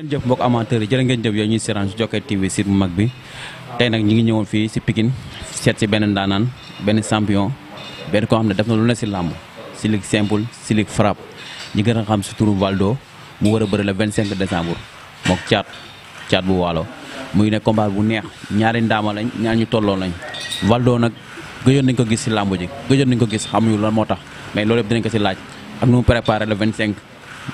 ngeen jëf mbokk amateurs yi jërë ngeen jëf yooyu ñuy seetaan si Jokkeel TV site bu mag bi tey nag ñi ngi ñëwoon fii si Pikine seet si benn ndaanaan benn champion benn koo xam ne def na lu ne si làmb si ligue simple si ligue frappe ñi gën a xam si turu Valdo mu war a bëri le 25 décembre mook caat caat bu waalo muy ne combat bu neex ñaari ndaama lañ ñaar ñu tolloo lañ Valdo nag gëjoon nañ ko gis si làmb ji gëjoon nañ ko gis xamuñu la moo tax mais loolu yëpp ko si laaj ak nu mu préparé le 25 ñu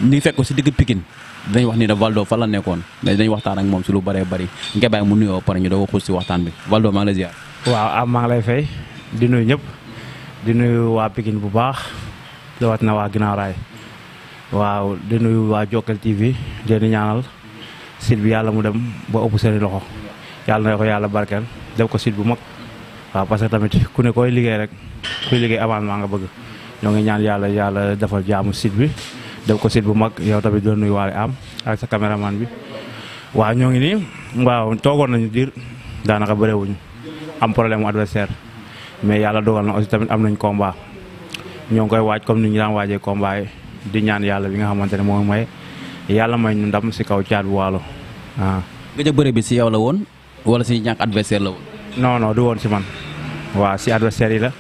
ngi fekk si digg Pikine dinañ wax ni da Valdo fan la nekkoon dinañ waxtaan ak moom si lu baree bari nga bàyyi mu nuyoo pare ñu doog a xuus si waxtaan bi Valdo maa ngi lay waaw am ah, maa ngi lay fay di nuy ñëpp di nuyu waa Pikine bu baax dawat na waa Ginaaw Rail waaw di nuyu waa Jokal TV di ñaanal site bi yàlla mu dem ba ëpp seen loxo yàlla na ko yàlla barkeel def ko site bu mag waa parce que tamit ku ne koy liggéey rek kuy liggéey maa nga bëgg ñoo ngi ñaan yàlla yàlla defal jaamu site bi. def ko site bu mag yow ya, tamit do nuy walé am ak sa cameraman bi waaw ñoo ngi nii waaw toogoon nañu diir bëré wuñ am problème adversaire mais yalla dogal na aussi tamit am nañ combat ñong koy waaj comme ya ñu daan waajé combat yi ya. di ñaan yalla bi nga xamantene ne moom may yàlla may ñu ndam ci kaw caat walu waalo nga jëg bëré bi ci yow la woon wala ci ñak adversaire la woon. non non du woon ci man wa ci adversaire yi la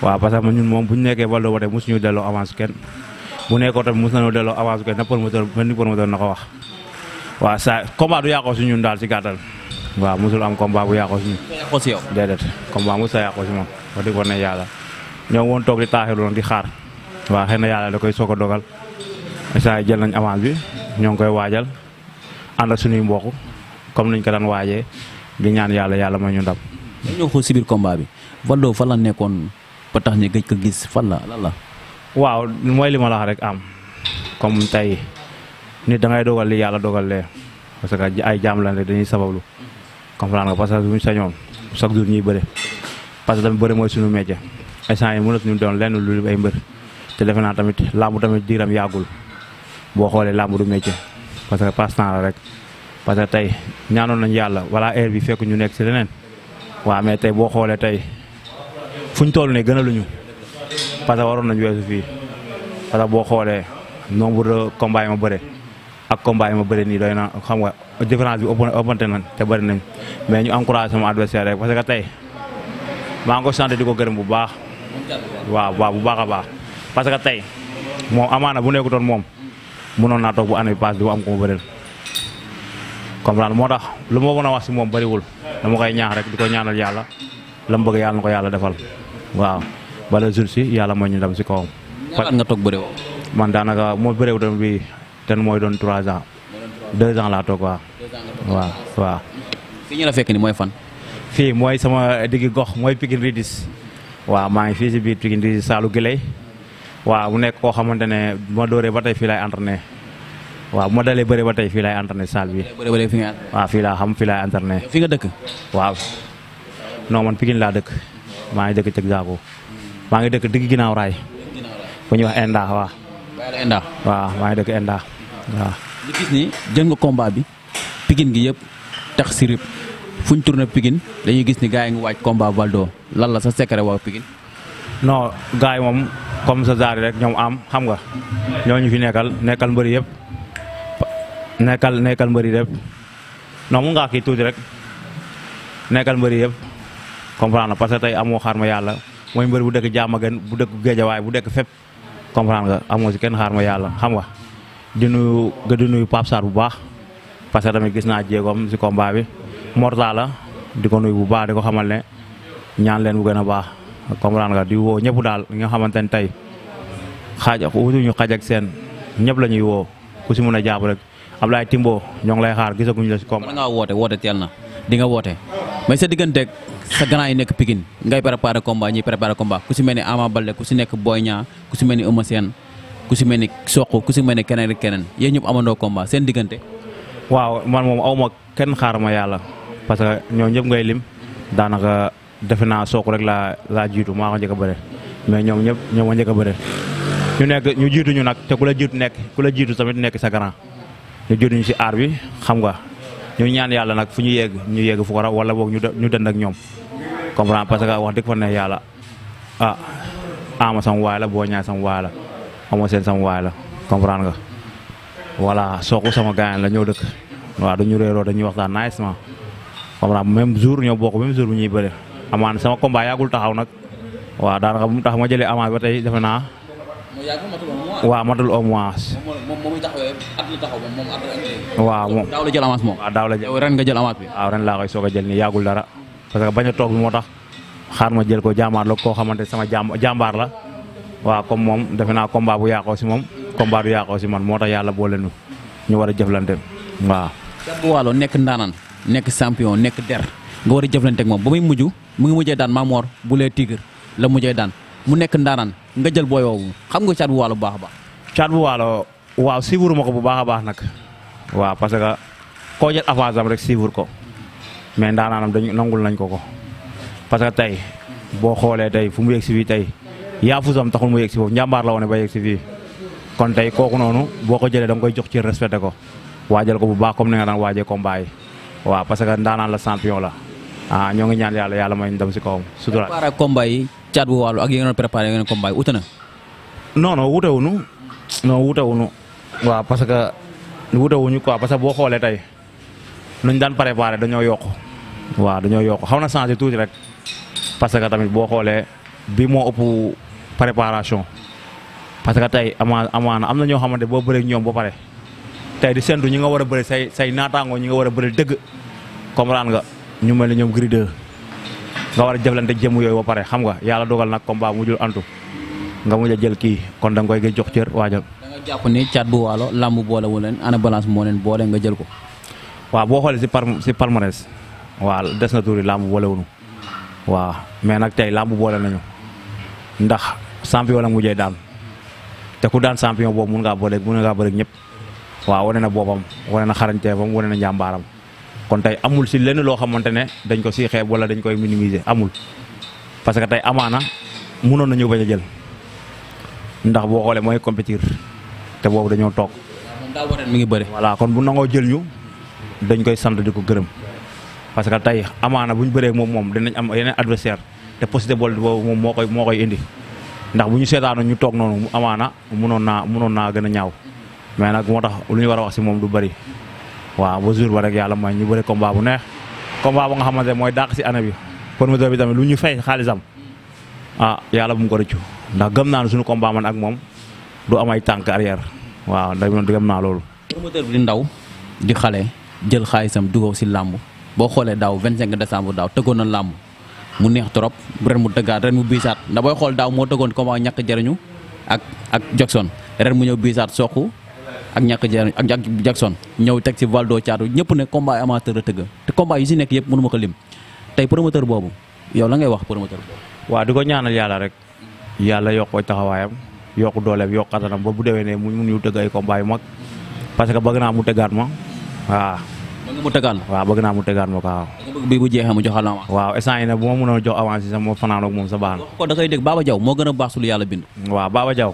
wa parce que ñun mom buñu ñu nekkee ba loo wate mosuñu delloo avance kenn. bu nekkoo tamit mos nañoo delloo avance bi kay na promoteur na ko wax waaw sa combat du yàqoo si ñun daal si gàttal waaw mosul am combat bu yàqoo si ñun. yàqoo si yow déedéet combat mosul yàqoo si moom wax dëgg war na yàlla ñoo woon toog di taaxirlu woon di xaar waaw xëy na yàlla da koy soog a dogal saa jël nañ avance bi ñoo ngi koy waajal ànd ak suñuy mbokk comme niñ ko daan waajee di ñaan yàlla yàlla ma ñu ndam. ñoo xool si biir combat bi Valdo fan la nekkoon ba tax ñu ko gis fan la lan la. waaw mooy li ma rek am comme tey nit da ngay dogal li yàlla dogal lee parce que ay jaam lañ rek dañuy sabablu comprendre nga parce que buñ sañoon chaque jour ñuy bëre parce que tamit bëre mooy suñu métier instant yi mënatu ñu doon lenn lu ay mbër te defe naa tamit làmb tamit diiram yàggul boo xoolee làmb du métier parce que passe temps rek parce que tey ñaanoon nañu yàlla wala heure bi fekk ñu nekk si leneen waaw mais tey boo xoolee tey fuñ toll ne gënaluñu parce que waroon nañ weesu fii parce que boo nombre combat yi ma bëre ak combat yi ma bëre nii doy na xam nga différence bi ëppante nañ te bëri nañ mais ñu encouragé sama adversaire rek parce que tey ma ngi ko sant di ko gërëm bu baax. waaw waaw bu baax a baax parce que tey moom amaana bu nekkutoon moom mënoon naa toog bu année bi du di am ko ma bëreel comprendre moo tax lu ma mën a wax si moom bëriwul dama koy ñaax rek di ñaanal yàlla bëgg defal waaw bala jour si yàlla mooy ñu dem si kawam. ñaata nga toog bëriwoo. man daanaka moo bëriwul doon bi ten mooy doon trois ans. deux ans laa toog waaw. waaw waaw. fii ñu la fekk ni mooy fan. fii mooy sama digg gox mooy Pikine Ridis. waaw maa ngi fii si biir Pikine Ridis Saalu Giley. waaw mu nekk koo xamante ne bu ma dooree ba tey fii lay entraîné waaw bu ma dalee bëre ba tey fii lay entraîné salle bi. waaw fii laa xam fii lay entraîné. fii nga dëkk. waa non man Pikine laa dëkk maa ngi dëkk Cëg maa ngi dëkk digg ginnaaw raay bu ñuy wax Enda waa Enda waaw maa ngi dëkk Enda waaw. ñu gis ni jël nga bi Pikine gi yëpp tex sirip fuñ tourné Pikine dañuy gis ni gars yi ngi waaj combat Valdo lan la sa secret waa Pikine. non gars yi moom comme sa zaari rek ñoom am xam nga ñooñu fi nekkal nekkal mbëri yëpp nekkal nekkal mbëri yëpp non mu ngaa kii tuuti rek nekkal mbëri yëpp comprendre parce que tey amoo xaar ma yàlla. mooy mbër bu dëkk Diamaguène bu dëkk Guédiawaye bu dëkk fépp comprendre nga amoo si kenn xaar ma yàlla xam nga di nuyu nga di bu baax parce que tamit gis naa jéegoom si combat bi Morta la di ko nuyu bu baax di ko xamal ne ñaan leen bu gën a baax comprendre nga di woo ñëpp daal nga xamante ne tey xaaj wutuñu xaj ak seen ñëpp la ñuy woo ku si mun a jàpp rek Ablaye Timbo ñoo ngi lay xaar gisaguñu la si combat. mën ngaa woote woote teel na di nga woote. mais sa digënté sa grand yi nekk Pikine ngay préparer combat ñi préparer combat ku ci melni Ama kusi ku ci nek Boy Niang ku ci melni ni sen ku ci melni ni ku ci melni ni keneen ak keneen yéen ñëpp combat sen diggante. waaw man mom awma kenn xaar yalla parce que ñoo ñep ngay lim danaka defena naa rek la la jitu ma ko jëk bare mais ñom ñep ñoo ma jëk a ñu nek ñu jitu ñu nak te kula jitu nek kula jitu tamit nek sa grand ñu jiitu ñu xam nga. ñu ñaan yàlla nag fu ñu yegg ñu yegg fu ko raw boog ñu dënd ak ñoom comprendre parce que wax dëgg fa ne yàlla ah ama sam waay la boo ñaa sam waay la ama seen sam waay la comprendre nga voilà sooku sama gaañ la dañuy waxtaan nicement comprendre même jour ñoo bokk même jour bu ñuy bëri amaan sama combat yàggul taxaw nag waaw daanaka bu mu tax ma jëlee avance ba tey defe Wah modul au moins. waaw moom. daaw la jël avance moom. waaw la jël ren nga jël avance bi. waaw ren laa koy soog jël nii yàggul dara parce que bañ a toog xaar ma jël ko la sama jàmbaar la waaw comme moom defe combat bu yàqoo si moom combat du yàqoo si man moo tax yàlla boole ñu war jëflante waaw. Thierno Waalo champion der nga war jëflante ak moom ba muy mujj mu ngi mujjee Mamor bu Tigre la mu nekk ndaanaan nga jël booy woowu xam nga caat bu waalo bu baax a baax. caat bu waalo waaw suivre ma ko bu baax a baax nag. waaw parce que koo jël avance am rek suivre ko mais ndaanaanam dañu nangul nañ ko ko parce que tey boo xoolee tey fu mu yegg si fii tey yaa fusam taxul mu yegg si foofu njàmbaar la woon ba yegg si fii kon tey kooku noonu boo ko jëlee da koy jox ci respecté ko waajal ko bu baax comme ni nga daan waajee combat yi waaw parce que ndaanaan la champion la ah ñoo ngi ñaan yàlla yàlla may ndam si kawam. caat bu wàllu ak yi nga doon préparé yeneen combat wute wu non non wute wuñu non wute waaw parce que wute wuñu quoi parce que boo xoolee tey luñ daan préparé dañoo yokk waaw dañoo yokk xam na changé tuuti rek parce que tamit boo xoolee bi moo ëpp préparation parce que tey amaa amaana am na ñoo xamante boo bëree ñoom ba pare tey di sentu ñu nga war a bëri say say naataangoo ñi nga war a bëri dëgg comprendre nga ñu mel ni ñoom grideur nga wara a jëflante jëm yoy ba paré xam nga yalla dogal nak combat jul antu nga mu a jël ki kon da nga koy jox cër wajal da nga japp ni chat bu walo lamb boole wu leen ana balance moo leen boole nga jël ko. wa bo xoolee si par ci palmarès wa des na touri lamb boole wu wa waaw mais nag tey làmb boole nañu ndax champion la jey dal te ku dan champion bo mu nga bolé mu nga bolé ñep wa wane na boppam wane na xarañteefam wane na kon tay amul ci lenn lo xamantene dañ ko si xeeb wala dañ koy minimiser amul parce que tay amana mënon nañu baña jël ndax bo xolé moy compétir te boobu dañoo toog. da waral mi ngi bëri. wala kon bu nango jël ñu dañ koy sant di ko gërëm parce que tay amana bu ñu mom mom moom dinañ am yeneen adversaire te possibilité bol boobu mo moo koy mo koy indi ndax buñu ñu ñu tok noonu amana mënon na mënon na gëna ñaaw mais nak motax luñu wara wax ci mom du bari waaw ba jour ba rek yàlla mooy ñu bëri combat bu neex combat bu nga xamante mooy dàq si année bi promoteur bi tamit lu ñu fay xaalisam ah yàlla bu mu ko rëccu ndax gëm naa ne suñu combat man ak moom du am ay tànk arrière waaw ndax man gëm naa loolu. promoteur bi di ndaw di xale jël xaalisam duggaw si làmb boo xoolee daaw 25 décembre daaw tëggoon na làmb mu neex trop ren mu dëggaat ren mu biisaat ndax booy xool daaw moo tëggoon combat ñàkk jariñu ak ak Jackson ren ak ñàkk jeer ak Jackson ñëw teg ci Valdo Thiatou ñëpp ne combat amateur la tëgg te combat yi si nekk yëpp mënu ma ko lim tey promoteur boobu yow la ngay wax promoteur boobu. waaw di ko ñaanal yàlla rek yàlla yokk taxawaayam yokk dooleem yokk katanam ba bu dee ne mu ñu tëgg ay combat yu mag parce que bëgg naa mu tëggaat ma waaw. bëgg mu tëggaat naa mu tëggaat ma waaw. bii bu jeexee mu jox la avance. waaw instant yii nag bu ma mënoon jox avance sama fanaan ak sa baax na. kon da koy moo gën a baax su lu yàlla bind. waaw Baba Diaw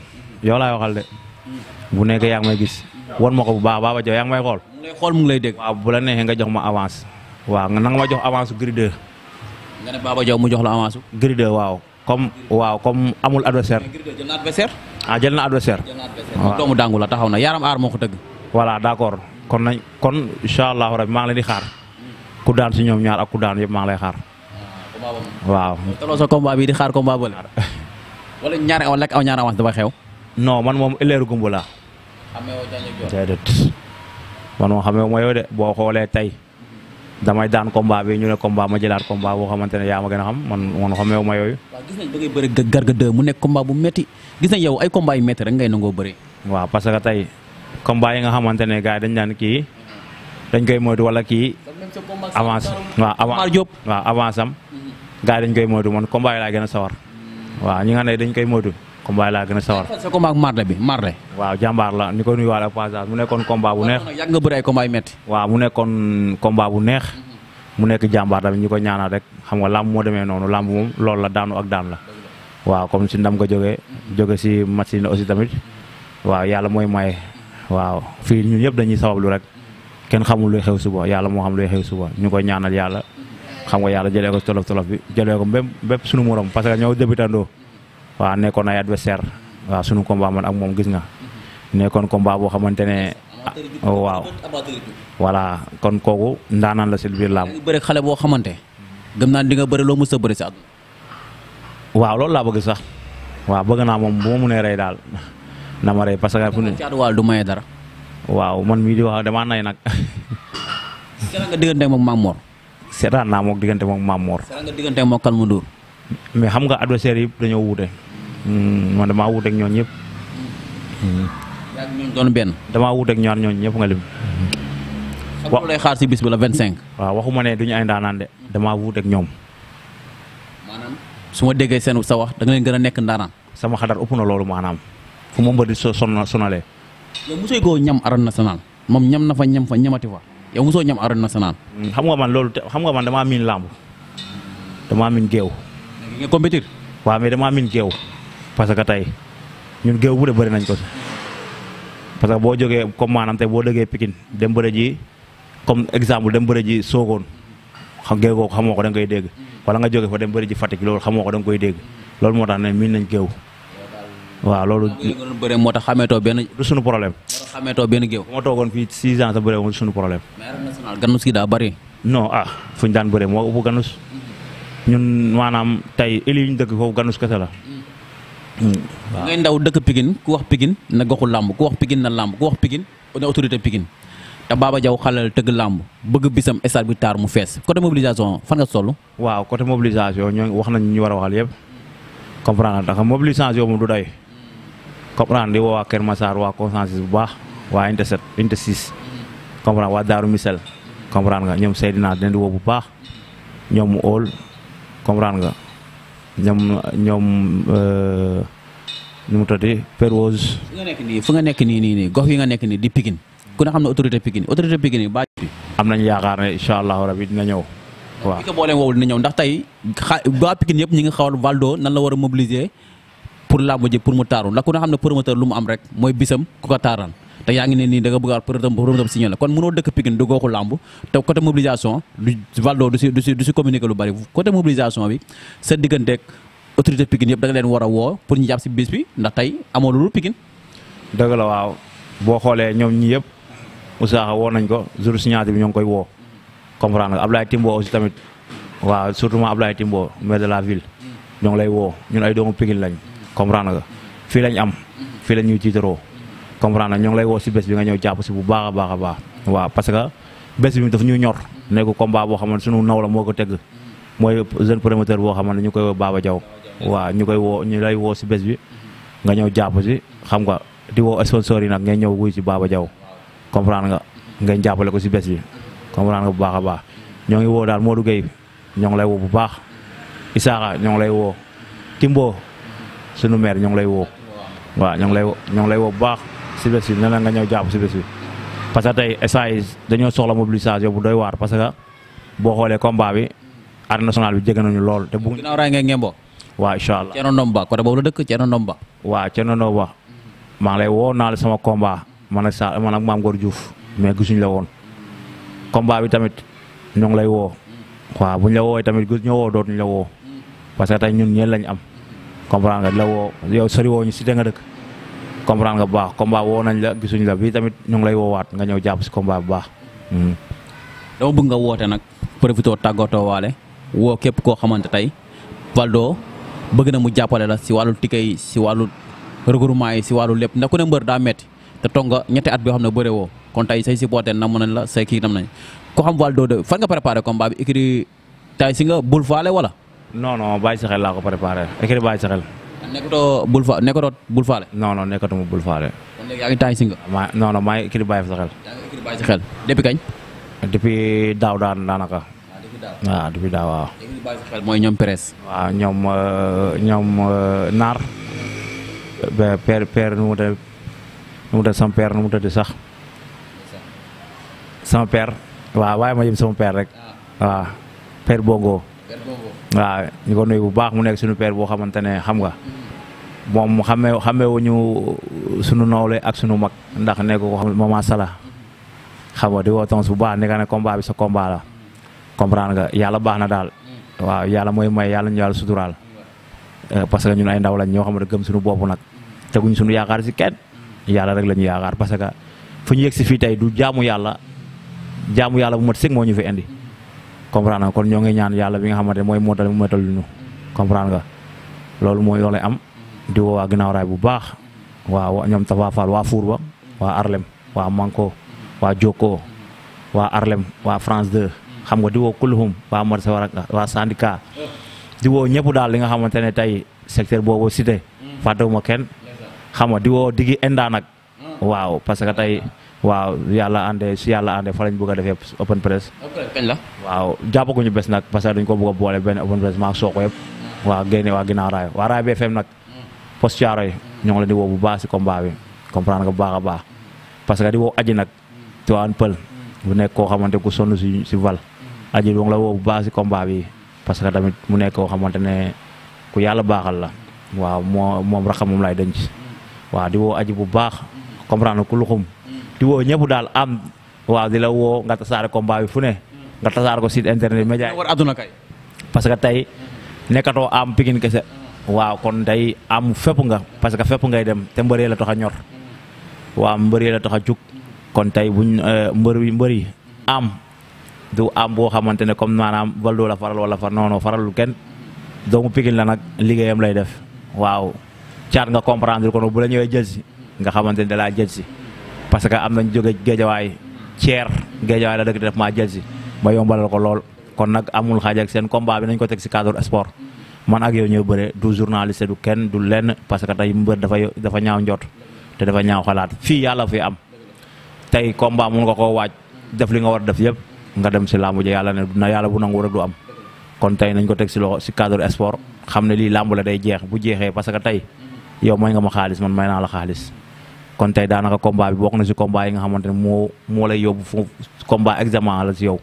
bu nekkee yaa ngi may gis won ma ko bu baax baaba Diaw yaa ngi may xool. mu lay xool mu ngi lay dégg. waaw bu la neexee nga jox ma avance. waaw nga nanga ma jox avance su nga ne baaba Diaw mu jox la avance su. waaw comme waaw comme amul adversaire. Gris jël na adversaire. ah jël na adversaire. jël na adversaire waaw doomu dàngu la taxaw na yaram aar moo ko tëgg. voilà d'accord kon nañ kon incha allahu rabi maa ngi leen di xaar. Hmm. ku daan si ñoom ñaar ak ku daan yëpp maa ngi lay xaar. Ah, waaw. taloo sa combat bi di xaar combat bële. wala ñaar aw lekk aw ñaar avance dafa xew. non man moom élève gumbu laa déedéet man moom xamee ma yow de boo xoolee tey damay daan combat bi ñu ne combat ma jëlaat combat boo xamante ne yaa ma gën a xam man man xamee ma yooyu. waaw gis nañ da Garga 2 mu nekk combat bu métti gis nañ yow ay combat yu métti rek ngay nangoo bëri. waaw parce que tey combat yi nga xamante ne gars yi dañ naan kii dañ koy moytu wala kii avance waaw avance mhm. gaa yi dañ koy moytu man combat yi laa gën a sawar waaw ñi nga ne dañ koy moytu. combat laa gën a sawar. sa bi Marley. waaw jàmbaar la ni ko nuyuwaale passage mu nekkoon combat bu neex. yàgg nga bëri ay combat bu neex. Mhm. mu nekk jàmbaar tamit ñu ko ñaanal rek xam nga làmb moo demee noonu làmb moom loolu la daanu ak daan la. waaw comme si nga jógee. jóge si machine aussi tamit. waaw yàlla mooy maye. waaw fii ñun ñëpp dañuy lu rek. kenn xamul luy xew suba yàlla moo xam luy xew suba ñu koy ñaanal yàlla. xam nga yàlla jëlee ko si tolof tolof bi jëlee ko bépp bépp sunu morom parce que ñoo débutandoo wa nekkoon ay adversaire wa sunu combat man ak mom gis nga nekon combat bo xamantene ne ah, oh, waaw wala kon koku ndanan la si biir làmb bëri xale bo xamante gëm na di nga bëri lo mës a bëri ad waaw loolu la bëgg sax waaw bëgg na mom bu mu ray dal na ma ray parce que ci ad wal du maye dara waaw man mi di wax dama nay nak seetaan nga diggante moom Mamor seetaan naa moom diggante moom Mamor seetaan nga digënté moom Kalmu Ndour mais xam nga adversaire yi dañoo wuté Hmm, man damaa wut ak ñooñu hmm. benn. damaa wut ak ñaar ñooñu ñëpp nga lim. Hmm. si bis bi la waaw waxuma ne du ñu ay ndaanaan de damaa wut ak ñoom. maanaam su ma déggee seen sa wax da leen gën a nekk ndaanaan. sama xadar ëpp na loolu maanaam fu ma mbëri sonalee. yow mosoo goo ñam arène nationale moom ñam na fa ñam fa ñamati fa yow mosoo ñam arène nationale. xam nga man loolu xam nga man damaa miin làmb damaa miin géew. nga compétir. waaw damaa miin géew. parce que tey ñun géew bu de bari nañ ko parce que boo jógee comme maanaam tey boo dëggee Pikine dem bëri ji comme exemple dem bëri ji soogoon xam géew kooku xamoo ko da koy dégg wala nga jóge fa dem bëri ji Fatick loolu xamoo ko danga koy dégg loolu moo tax ne miin nañ géew waaw loolu bëre moo tax xameetoo benn sunu problème xameetoo benn géew bu toogoon fii six ans sa bëre moom du suñu problème mais arène ganus gi daa bëri no ah fu ñu daan bëre moo ëpp ganus ñun maanaam tey éli ñu dëkk foofu ganus kese la Hmm. ngay ndaw dëkk Pikine ku wax Pikine na goxu lamb ku wax Pikine na lamb ku wax Pikine on autorité Pikine ta Baba jaw xalal tëgg lamb bëgg bisam stade bi tar mu fees côté mobilisation fan nga tollu waaw côté mobilisation ñoo wax nañ ñu wara waxal yeb comprendre nga mobilisation mu du day comprendre di woo waa Kër Massar waa consensus bu baax wa intercept 7 comprendre wa daru Misel comprendre nga ñom Seydina dinañ di wo bu baax ñom mu comprendre nga. ñoom ñoom euh, nu mu tëddee Perwoz. fi nga nekk nii nii gox yi nga nekk nii di Pikine ku ne xam ne autorité Pikine autorité Pikine ba am nañ yaakaar ne incha allahu rabi dina ñëw. waaw ki dina ñëw ndax tey xa waa Pikine yëpp ñi ngi xawal Valdo nan la war a mobiliser pour làmb ji pour mu taaru ndax ku ne xam ne promoteur lu mu am rek mooy bisam ku ko taaral. te yaa ngi ne nii da nga bëggaat pour Reum signé la kon mënoo dëkk Pikine du gooxu làmb te côté mobilisation du Valdo du du si communiqué lu bari côté mobilisation bi sa digganteeg autorité Pikine yëpp da nga leen war a woo pour ñu jàpp si bis bi ndax tey amoo loolu Pikine. dëgg la waaw boo xoolee ñoom ñii yëpp Moussa woo nañ ko jour signature bi ñoo ngi koy woo comprendre nga Ablaye Timbo aussi tamit waaw surtout Ablaye Timbo maire de la ville ñoo ngi lay woo ñun ay doomu Pikine lañ comprendre nga fii lañ am fii lañ ñuy tiitaroo comprendre na ñoo ngi lay woo si bés bi nga ñëw jàpp si bu baax a baax a baax waaw parce que bés bi daf ñu ñor nekk combat boo xamante suñu naw la moo ko tëgg mooy jeune promoteur boo xamante ñu koy woo Baba waaw ñu koy woo lay woo si bes bi nga ñëw jàpp si xam nga di woo sponsor yi nag ngay ñëw wuy si Baba Diaw comprendre nga ngeen jàppale ko si bés bi comprendre nga bu baax a baax ñoo ngi woo daal moo Modou Gueye ñoo ngi lay woo bu baax Isaaxa ñoo ngi lay woo Timbo sunu maire ñoo ngi lay woo waaw ñoo ñoo ngi lay woo si bés bi ne la ñëw jàpp si bés bi parce que tey saa yi dañoo soxla mobilisation bu doy waar parce que boo xoolee combat bi arène nationale bi jege nañu lool. te bu ginnaaw raay ngeen ngemboo. waaw incha allah Thierno Ndomba côté boobu la dëkk Thierno Ndomba. waaw Thierno Ndomba maa ngi lay woo naal sama combat man ak sa man ak maam Ngor Diouf mais gisuñu la woon combat bi tamit ñoo ngi lay woo. bu buñ la woowee tamit gis ñëwoo dootuñ la woo parce que tey ñun ñeen lañ am comprendre nga la woo yow sori woo si nga dëkk. comprendre nga bax baax combat woo nañ la gisuñ la bi tamit ñu ngi lay woowaat nga ñew japp ci combat bu hmm do bu nga wote nak profito tagoto walé wo kep ko xamanté tay Valdo bëgg na mu jappalé la ci walu tikay ci walu regroupement yi si wàllu lépp ku ne mbeur da metti te tonga ñetti at bi xam bëré wo kon tay say supporté nam nañ la say ki nam nañ ko xam Valdo de fa nga préparer combat bi écrit tay si nga boulevard wala. non non bàyyi xel la ko préparer écrit bàyyi xel. nekkatoo bul fa nekkatoo bul faale. non non nekkatuma bul faale. kon léegi di bàyyi sa xel. yaa kañ. depuis daaw daan daanaka. waaw ah, ah, depuis daaw waaw. léegi li bàyyi sa xel mooy ñoom presse. waaw ñoom euh, euh, naar. ba père père nu mu sax. sama père. waaye ma jëm rek. Ah. waaw père Bongo. waaw ñu ko nuyu bu baax mu nekk suñu père boo xamante ne xam nga moom wuñu sunu nawle ak sunu mag ndax nekk ko xam mama sala xam nga di woo tons bu baax ne ka ne combat bi sa combat la comprendre nga yàlla baax na daal waaw yàlla mooy may yàlla ñu yàlla suturaal euh, parce que ñun ay ndaw lañ ñoo xam ne gëm suñu bopp nag teguñ suñu yaakaar si kenn rek parce que fu ñu du jaamu yàlla jaamu yàlla bu mat sëg moo ñu fi indi comprendre nga kon ñoo ngi ñaan yàlla bi nga xamante ne mooy mootal mu motal ñu comprendre nga loolu mooy yoo lay am di woo waa ginnaaw raay bu baax waa ñoom Tafa Fall waa Fourba waa Arlem waa Manko waa Jokko waa Arlem waa France 2 xam nga di woo Kulhum waa Marsa war waa syndicat di woo daal li nga xamante ne tey secteur boobu cité fàttewuma kenn xam nga di woo digi enda nag hmm. waaw parce que tey waaw yàlla ànde si yàlla ànde fa lañ bëgg a defee open press. open press la. waaw jàppaguñu bés nag parce que dañ ko bëgg a boole benn open press maa soog ko yëpp. waa génne waa ginnaaw raay waa raay fem nag. post yi ñoo ngi leen di woo bu baax si combat bi comprendre nga bu baax a baax parce que di woo aji nag. tuwaan pël. bu nekk koo xamante ku sonn si si val. aji do la woo bu baax si combat bi parce que tamit mu nekk koo xamante ne ku yàlla baaxal la. waaw moo moom raxam laay denc. waaw di woo aji bu baax. comprendre ku luxum. di woo ñëpp daal am waaw di la woo nga tasaare combat bi fu ne nga tasaare ko site internet média war parce que tey nekkatoo am Pikine kese waaw kon tey am fépp nga parce que fépp ngay dem te mbëree la tax a ñor waaw mbëree la tax a jug kon tey bu euh, mbër yi mbër yi am du am boo xamante ne comme maanaam Valdo la faral wala far noonu faralul kenn doomu Pikine la nag liggéeyam lay def waaw caat nga comprendre ko bu la ñëwee jël nga xamante ne dalaa jël parce que amna joge gadjaway cher gadjaway géejawaay la dëkk def ma jël si ba yombal ko lol kon nak amul xajak sen combat bi nagn ko tek ci cadre sport man ak yow ñooy beure du journaliste du kenn du len parce que tay mbeur dafa dafa ñaaw njot te dafa ñaaw xalat fi yalla fi am tay combat mu nga koo waaj def li nga war def yeb nga dem ci lamu yalla ne na yalla bu nangu du am kon tay nagn ko tek ci lo ci cadre sport xamne ne lamu la day jeex bu jeexé parce que tay yow moy nga ma xaliss man may na la xaliss kon tey daanaka combat bi bokk na si combat yi nga xamante ne moo moo lay yóbbu fu combat examen la si yow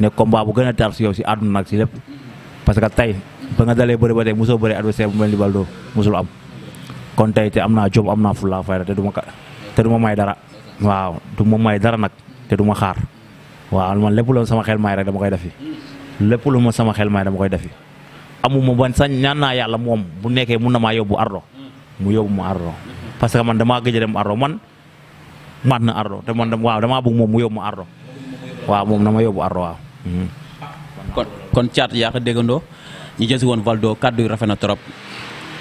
ne combat bu gën a tar si yow si àdduna nag si lépp parce que tey ba nga dalee bëri ba tey mosoo bëri adversaire bu mel ni Baldo am kon tey am naa jom am naa fulla fayda te du ma te du ma may dara waaw du ma may dara nag te du ma xaar waaw man lépp lu sama xel may rek dama koy defi lépp lu ma sama xel may dama koy defi amuma ban sañ ñaan naa yàlla moom bu nekkee mun na maa yóbbu ardo mu yóbbu ma ardo parce que man damaa gëj a dem ardo man maat na ardo te man dama waaw damaa bëgg moom mu yóbbu ma ardo waaw moom na ma yóbbu ardo waaw. Mhm. kon kon Thiat yaa ko déggandoo ñu jël si woon Valdo kaddu yi rafet na trop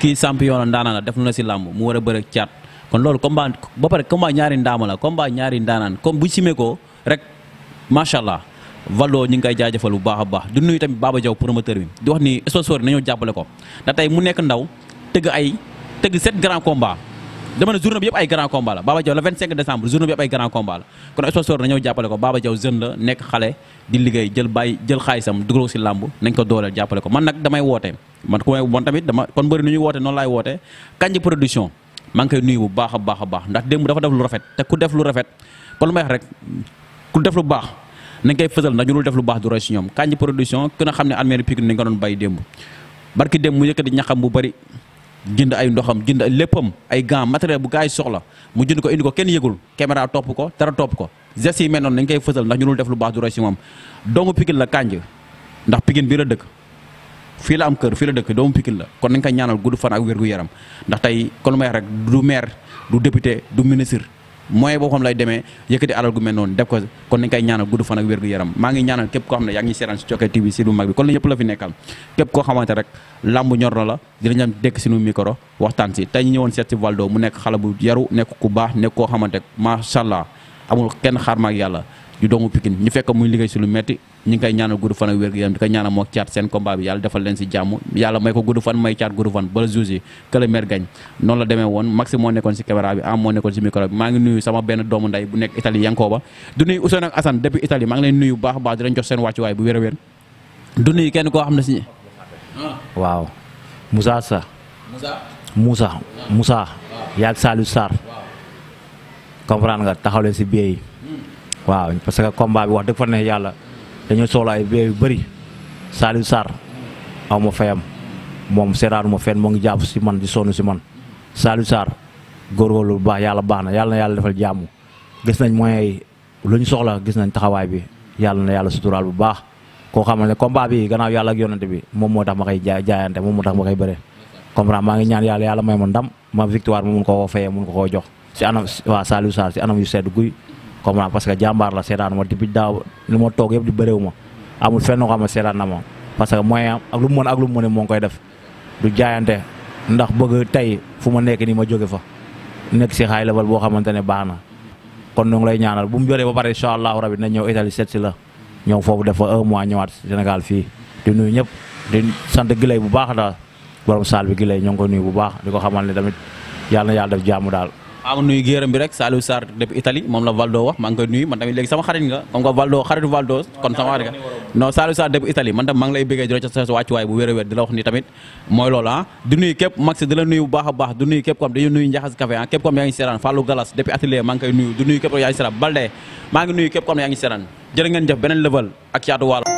kii champion la ndaanaan la def na si làmb mu war a bëre Thiat kon loolu combat ba pare combat ñaari ndaama la combat ñaari ndaanaan comme bu simee ko rek macha allah Valdo ñu ngi koy jaajëfal bu baax a baax di nuyu tamit Baba Diaw promoteur bi di wax ni sponsor yi nañoo jàppale ko ndax tey mu nekk ndaw tëgg ay tëgg sept grands combats. dama ne journée bi yëpp ay grand combat la Baba Diaw le 25 décembre journée bi yëpp ay grand combat la kon sponsor na ñëw jàppale ko Baba Diaw jeune nekk xale di liggéey jël bàyyi jël xaalisam dugal si làmb nañ ko dooleel jàppale ko man nag damay woote man ku may man tamit dama kon bëri nu ñuy woote noonu laay woote Kandji production maa ngi nuyu bu baax a baax a baax ndax démb dafa def lu rafet te ku def lu rafet kon lu may wax rek ku def lu baax nañ koy fësal ndax ñu dul def lu baax du roy si ñoom Kandji production ku na xam ne armée Pikine ni nga doon bàyyi bu bëri jënd ay ndoxam jënd léppam ay gants matériel bu gars yi soxla mu jënd ko indi ko kenn yëgul caméra topp ko dara topp ko gestes noonu dañ koy fësal ndax ñu dul def lu baax du roy si moom doomu Pikine la kànj ndax Pikine bii la dëkk fii la am kër fii la dëkk doomu Pikine la kon nañ ko ñaanal gudd fan ak wér gu yaram ndax tey kon lu may rek du maire du député du ministre moyen boo xam lay demee yëkkati alal gu mel noonu def ko kon nañ koy ñaanal gudd fan ak wér-gu-yaram maa ngi ñaanal képp koo xam ne yaa ngi seetaan si Thioker TV si lu mag bi kon la ñëpp la fi nekkal képp koo xamante rek làmb ñor na la dinañ am dekk sinu micro waxtaan si tey ñu ñëwoon seet si Valdo mu nekk xale bu yaru nekk ku baax nekk koo xamante macha allah amul kenn xaar ma yàlla ju doomu Pikine ñu fekk muy liggéey si lu metti ñu ngi koy ñaanal gudd fan ak wér gu yaram di ko ñaanal mook caat seen combat bi yàlla defal leen si jàmm yàlla may ko gudd fan may caat gudd fan ba juge que le maire gagne noonu la demee woon Maxi moo nekkoon si caméra bi am moo nekkoon si micro bi maa ngi nuyu sama benn doomu nday bu nekk Italie Yankooba du nuyu Ousseynou ak Assane depuis Italie maa ngi leen nuyu baax baax di leen jox seen wàccuwaay bu wér a du nuyu kenn koo xam ne si waaw musa Sa Moussa Moussa yaag Saliou Sarr comprendre taxaw leen si biir yi hmm. waaw parce que combat yàlla dañoo soxla ay bee yu bëri Saliou Sarr aw ma fayam moom seeraanu ma fenn moo ngi jàpp si man di sonn si man Saliou Sarr góorgóorlu bu baax yàlla baax na yàlla yàlla defal jàmm gis nañ moyens yi lu ñu soxla gis nañ taxawaay bi yàlla na yàlla suturaal bu baax koo xamal ne combat bi gannaaw yàlla ak yonante bi moom moo tax ma koy jaayante moom moo tax ma koy bëre comprendre maa ngi ñaan yàlla yàlla may ma ndam ma victoire mu mun ko koo fayee mun ko koo jox si anam si anam yu sedd guy comprendre parce que jàmbaar la seetaan ma depuis daaw li ma toog yëpp di bëréew ma fenn ko xam ne seetaan na ma parce que moyen ak lu mu mën ak lu mu mën moo ngi koy def du jaayante ndax bëgg tey fu ma nekk nii ma jóge fa nekk si high level boo xamante ne baax na kon ñu lay ñaanal bu mu jotee ba pare incha allahu rabi dinañ ñëw Italie seet si la ñëw foofu def fa un mois ñëwaat Sénégal fii di nuyu ñëpp di sant Gilay bu baax daal borom saal bi Gilay ñoo ngi ko bu baax di ko xamal ne tamit yàlla yàlla def daal. maa ngi nuyu géeram bi rek Saliou Sarr depuis Italie moom la Valdo wax maa ngi koy nuyu man tamit léegi sama xarit nga comme que Valdo xaritu Valdo kon sama xarit nga non Saliou Sarr depuis Italie man tam maa ngi lay bëggee di la sa wàccuwaay bu wér a wér di la wax ni tamit mooy loolu ah di nuyu képp Max di la nuyu bu baax di nuyu képp comme dañu nuyu Njaxas Café ah képp comme yaa ngi seeraan Fallou Galas depuis atelier maa ngi koy nuyu di nuyu